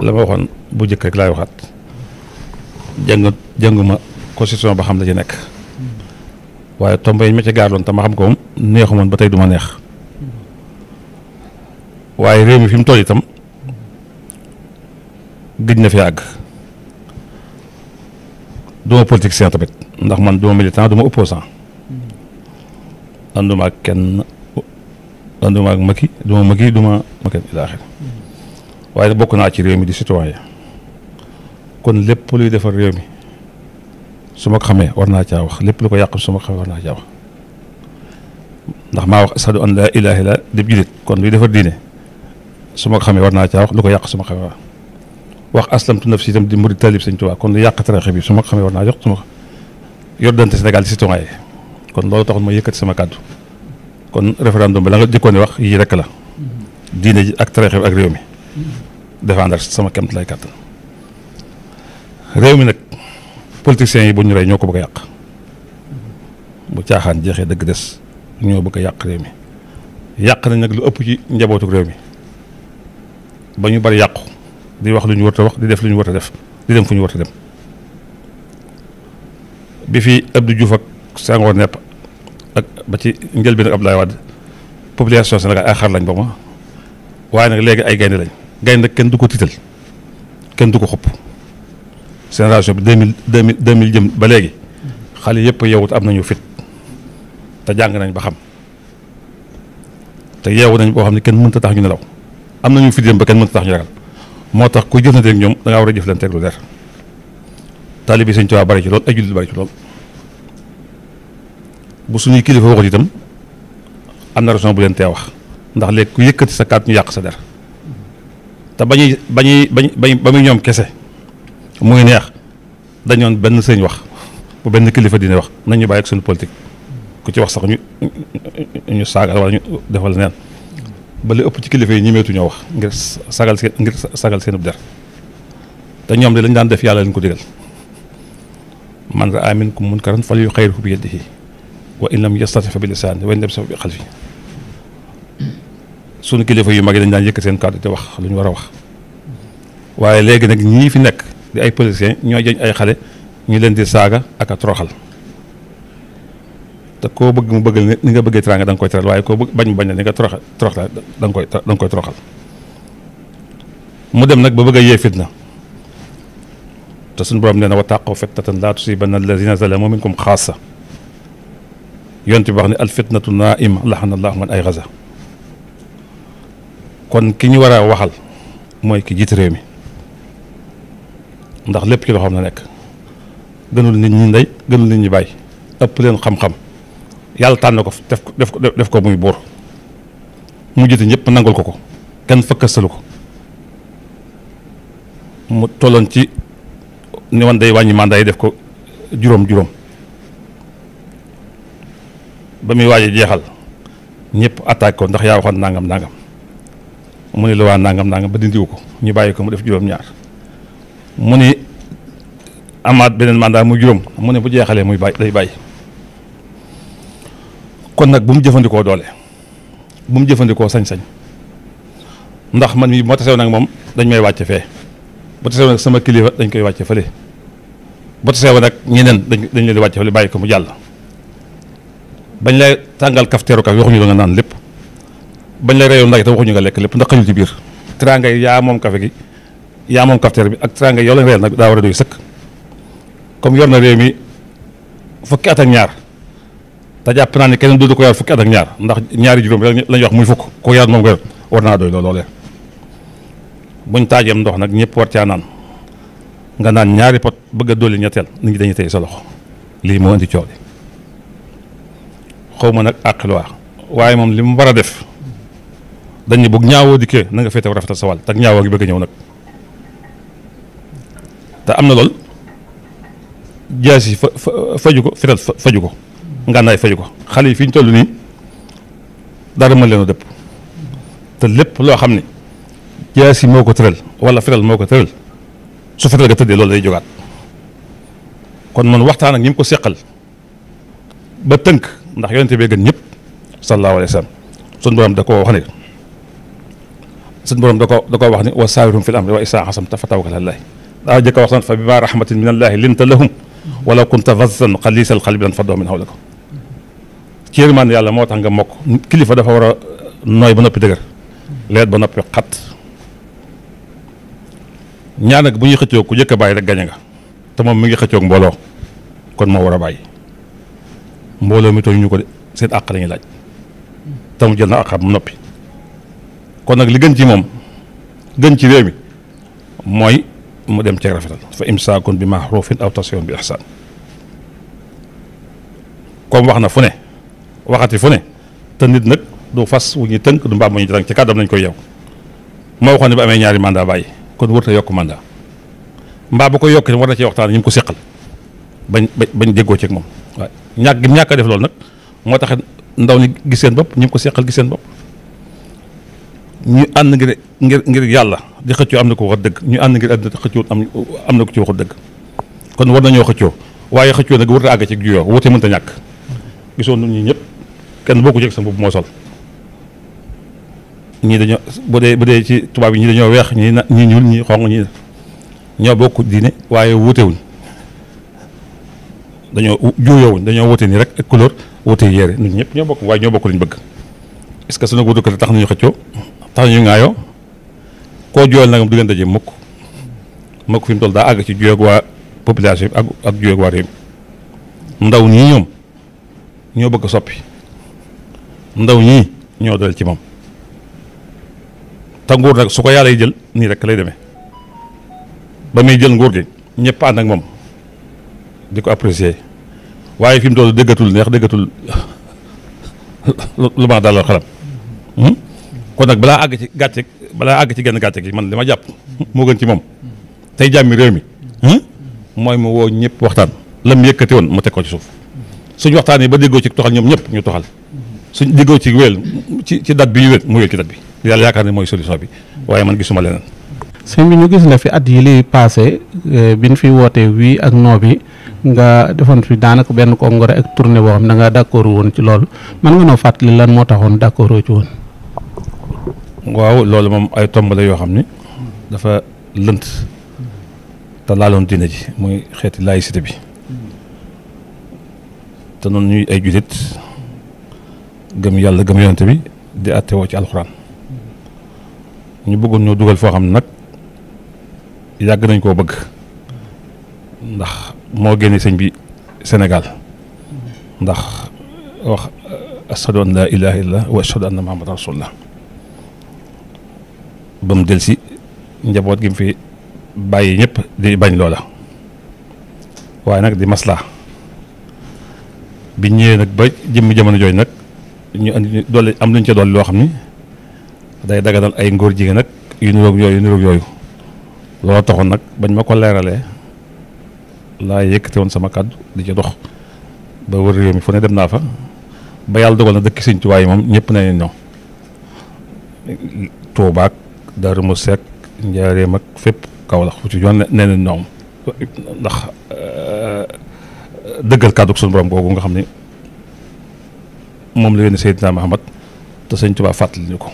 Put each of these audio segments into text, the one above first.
la ma waxoon bu njëkk rek laay waxaat jàng jànguma constitution ba xam ne ci nekk waaye tomb yi ma ci gaarloon te ma xam ko moom neexu moon ba tey duma neex waaye réew mi fi mu toll tam gëj na fi àgg duma politicien tamit ndax man duma militant duma opposant ànduma ak kenn ànduma ak Macky duma Macky duma Macky ilaaxir waaye bokk naa ci réew mi di citoyen kon lépp luy defar réew mi su ma ko xamee war naa caa wax lépp lu ko yàq su ma ko xamee war naa caa ndax maa wax ashadu an laa ilaaha illa dib julit kon luy defar diine su ma ko xamee war naa caa wax lu ko yàq su ma xamee wax wax aslamtu nafsi itam di murid talib sëñ Tuubaa kon lu yàq tariixa bi su ma ko xamee war naa jox su yor dante Sénégal di citoyen yi kon loolu taxul ma yëkkati sama kàddu kon référendum bi la nga jëkkoon wax yii rek la diine ak tariixa ak réew mi défendre sama kemt lay kàttan réew mi nag politiciens yi bu ñu rey ñoo ko bëgg a yàq bu caaxaan jeexee dëgg des ñoo bëgg a yàq réew mi yàq nañ nag lu ëpp ci njabootu réew mi ba ñu bari yàqu di wax lu ñu war a wax di def lu ñu war a def di dem fu ñu war dem bi fi Abdou Diouf ak Senghor nepp ak ba ci njëlbeen ak Abdoulaye Wade population Sénégal ay xar lañ ba ma waaye nag léegi ay gaynde lañ gaynde kenn du ko tiital kenn du ko xopp génération bi deux mille deux mille deux mille jëm ba léegi xale yëpp yeewut am nañu fit te jàng nañ ba xam te yeewu nañ boo xam ne kenn mënta tax ñu nelaw am nañu fit yëm ba kenn mënta tax ñu ragal moo tax ku jëflanteeg ñoom da ngaa war a teg lu leer taalibe yi Sëñ Tuubaa bari ci lool ay jullit bari ci lool bu suñuy kilifa waxut itam am na raison bu leen tee wax ndax léegi ku yëkkati sa kàddu ñu yàq sa der te ba ñuy ba ñuy ba muy ñoom kese muy neex dañoon benn sëñ wax bu benn kilifa dina wax nañu ñu bàyyi ak suñu politique ku ci wax sax ñu ñu saagal wala ñu defal neen ba li ëpp ci kilifa yi ñemeetu ñoo wax ngir sagal seen ngir sagal seen der te ñoom de lañ daan def yàlla lañ ko digal man raa minkum munkaran falyughayyirhu bi yadihi wa in lam yastati fa bi lisaani wa in lam yastati bi qalbi sunu kilifa yu mag yi dañ daan yëkkat seen kàddu te wax lu ñu war a wax waaye léegi nag ñii fi nekk di ay policiers ñoo jëñ ay xale ñu leen di saaga ak a toroxal te koo bëgg mu bëgg ni nga bëggee teraanga da nga koy teral waaye koo bëgg bañ mu bañ la ni nga toroxal toroxal da nga koy da nga koy toroxal mu dem nag ba bëgg a yee fitna te suñu borom nee na wa taqoo fitnatan laa tusibanna allazina zalamu minkum xaasa yonent bi wax ne al fitnatu naa'ima laxana allahu man ay gaza kon ki ñu war a waxal mooy ki jiit réew mi ndax lépp ci loo na nekk gënul nit ñi ndey gënul nit ñi bàyyi ëpp leen xam-xam yàlla tànn ko def ko def ko def ko muy buur mu jiite ñëpp nangul ko ko kenn fëkkastalu ko mu tolloon ci ni woon day wàññi mandat yi def ko juróom-juróom ba muy waaj a jeexal ñëpp attaque ko ndax yaa waxoon nangam nangam. mu ne la waa nangam nangam ba dindiwu ko ñu bàyyi ko mu def juróom-ñaar mu ne amaat beneen mandat mu juróom mu ne bu jeexalee muy bàyyi day bàyyi kon nag bu mu jëfandikoo doole bu mu jëfandikoo sañ-sañ ndax man yi moo ma tasew moom dañ may wàcce fee bu tasew sama kilifa dañ koy wàcce fële bu tasew nag ñeneen dañ dañ leen di wàcce fële bàyyi ko mu jàll bañ lay tàngal kafteeru kaf waxuñu la nga naan lépp bañ la reyoon ndaj te waxuñu nga lekk lépp ndax xajul ci biir teraanga yi yaa moom café gi yaa moom cafetière bi ak teraanga yi yow lañ reyal nag daa war a doy sëkk comme yor na réew mi fukki at ñaar te jàpp naa ne keneen dootu yar fukki ñaar ndax ñaari juróom la ñuy muy fukk ko yar moom nga yor war naa doy loolee buñ taajeem ndox nag ñëpp war caa naan nga naan ñaari pot bëgg a dolli ñetteel nit ñi dañuy tey sa loxo lii moo indi coow li xaw ma nag àq waaye moom li mu war a def dañu bëgg ñaawoo dikkee na nga féete war rafetal sa wàll te ñaawoo gi bëgg a ñëw nag te am na lool jaas yi fa faju ko fetal faju ko ngànnaay faju ko xale yi fii ñu toll nii dara mën leen a dëpp te lépp loo xam ne jaas yi moo ko tëral wala fetal moo ko tëral su fetal ga tëddee loolu day jógaat kon man waxtaan ak ñim ko seqal ba tënk ndax yonente bee gën ñëpp sallallahu alayhi wa sallam sun borom da koo wax ne سيد بروم دوكو واخني وساورهم في الامر واسع عصمت فتوكل على الله اجك وصلت فبما رحمه من الله لنت لهم ولو كنت فظا قليس القلب لانفضوا من حولكم كيرمان يالا موت نغا موك كليفا دا ورا نوي بنوبي دغر ليت بنوبي خات ñaanak bu ñuy xëccoo ku jëkk bàyyi rek gañe nga te moom mi ngi xëccoog mbooloo kon moo war a bàyyi mbooloo mi tooñu ñu ko de seen àq la ñuy laaj te mu kon nag li gën ci moom gën ci réew mi mooy mu dem ceeg rafetal fa imsaakun bi maxruufin aw tasirun bi ixsaan comme wax na fu ne waxati fu ne te nit nag du fas wu ñuy tënk du mbaam mu ñuy tënk ci kàddam nañ koy yow moo waxoon ne ba amee ñaari mandat bàyyi kon warut yokk mandat mbaa bu ko yokkee war na cee waxtaan ñu mu ko seqal bañ bañ déggoo ceeg moom waa ñàkk gi ñàkk a def loolu nag moo tax ndaw ñi gis seen bopp ñu ko seqal gis seen bopp. ñu ànd ngir ngir ngir yàlla di xëccoo am na ko wax dëgg ñu ànd ngir àddina xëccoo am am na ko ci wax dëgg kon war nañoo xëccoo waaye xëccoo nag warut a àgg ci juyoo wute mënta ñàkk gisoon nañ ñi ñëpp kenn bokku jeeg sa mbubb moo sol dañoo bu dee bu ci tubaab yi ñii dañoo weex ñii na ñii ñuul ñii xong ñii ñoo bokk diine waaye wutewuñ dañoo juyoowuñ dañoo wute nii rek ak couleur wute yére ñun ñëpp ñoo bokk waaye ñoo bokk liñ bëgg est que sunu wutu ko tax nañu xëccoo tax ñu ŋaayoo koo jooyal nagam du ngeen daje mukk mukk fi mu toll daa àgg ci juyoo ak ak ak juyoo ak réew ndaw ñii ñoom ñoo bëgg a soppi ndaw ñii ñoo dal ci moom te nguur nag su ko yàlla yi jël nii rekk lay deme ba muy jël nguur gi ñëpp ànd moom di ko apprécier waaye fi mu toll dëggatul neex dëggatul lu ma dalal xelam hmm? kon nag balaa àgg ci gàcce balaa àgg ci genn gàcce gi man li ma jàpp moo gën ci moom tey jàmmi réew mi mooy mu woo ñëpp waxtaan lam yëkkati woon mu teg ko ci suuf suñ waxtaan yi ba déggoo ci toxal ñoom ñëpp ñu toxal suñ déggoo ci wéel ci ci dat bi ñu wéel mu wéel ci dat bi yàlla yaakaar ne mooy solution bi waaye man gisuma leneen sëñ bi ñu gis la fi at yi li passé eh, bi ñu fi wootee wii ak noo bi nga defoon fi daanaka benn congrès ak tournée boo xam ne da nga d'accord woon ci loolu man nga noo fàttali lan moo waaw loolu moom ay tomb la yoo xam ni dafa lënt te laaloon diine ji muy xeeti laïcité bi te noonu ñuy ay jullit gëm yàlla gëm yonent bi di àtte woo ci alxuraan ñu bëggoon ñoo dugal foo xam ne nag yàgg nañ koo bëgg ndax moo génne sëñ bi Sénégal ndax wax ashadu an laa ilaaha illallah wa ashadu anna muhammadan rasulullah ba mu delsi njaboot gi mu fi bàyyi ñëpp di bañ loola waaye nag di maslaa bi ñëwee nag ba jëmm jamono jooju nag ñu indi doole am luñ ca doole loo xam ni day daganal ay ngóor jigéen nag yu niroog yooyu yooyu loolu taxoon nag bañ ma ko leeralee laa yëkkate woon sama kàddu di ci dox ba wër réew mi fu ne dem naa fa ba yàlla dogal na dëkk Sëñ Tuubaa ñëpp ne ñoom Darou Moukhty ak Njaareem ak fépp Kaolack fu ci yoon nee na ñoom ndax euh, dëggal kàddu suñu borom googu nga xam ne moom la yónni Seydina Muhammad te sëñ Tuubaa fàttali ko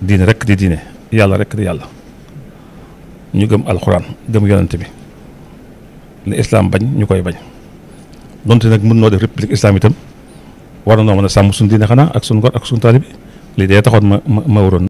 diine rek di diine yàlla rek di yàlla ñu gëm alxuraan gëm yonent bi li islam bañ ñu koy bañ donte nag mën noo def république islam itam war na noo mën a sàmm diine xanaa ak suñu ngor ak suñu taalibe lii dee taxoon ma ma waroon